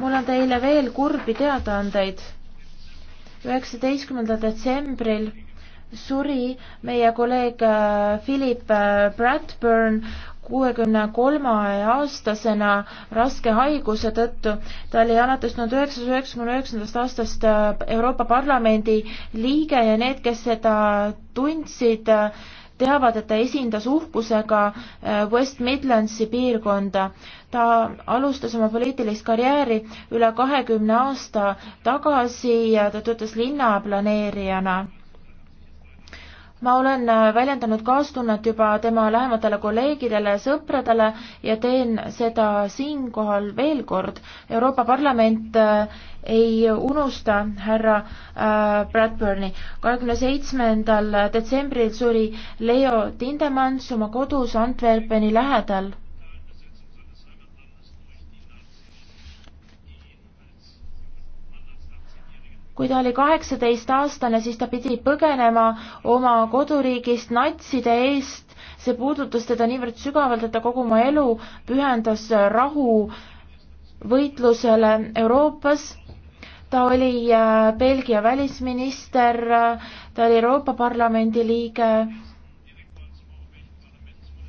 mul on teile veel kurbi teadaandeid. üheksateistkümnendal detsembril suri meie kolleeg äh, Philip äh, Bradburn kuuekümne kolme aastasena raske haiguse tõttu. ta oli alates tuhande üheksasaja üheksakümne üheksandast aastast äh, Euroopa Parlamendi liige ja need, kes seda tundsid, teavad, et ta esindas uhkusega äh, West Midlandsi piirkonda. ta alustas oma poliitilist karjääri üle kahekümne aasta tagasi ja ta töötas linnaplaneerijana ma olen äh, väljendanud kaastunnet juba tema lähematele kolleegidele, sõpradele ja teen seda siinkohal veel kord. Euroopa Parlament äh, ei unusta härra äh, Bradburni. kahekümne seitsmendal detsembril suri Leo Tindemans oma kodus Antwerpeni lähedal kui ta oli kaheksateistaastane, siis ta pidi põgenema oma koduriigist natside eest. see puudutas teda niivõrd sügavalt, et ta kogu oma elu pühendas rahu võitlusele Euroopas. ta oli äh, Belgia välisminister, ta oli Euroopa Parlamendi liige.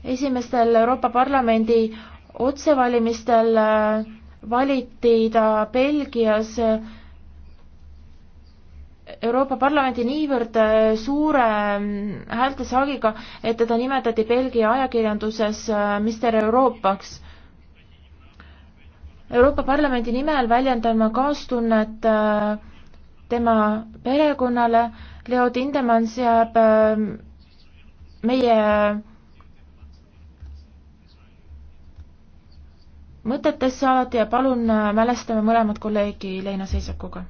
esimestel Euroopa Parlamendi otsevalimistel äh, valiti ta Belgias Euroopa Parlamendi niivõrd äh, suure mm, häältesaagiga, et teda nimetati Belgia ajakirjanduses äh, Mister Euroopaks. Euroopa Parlamendi nimel väljendan ma kaastunnet äh, tema perekonnale, Leo Tindemans jääb meie mõtetesse alati ja palun mälestame mõlemat kolleegi leinaseisakuga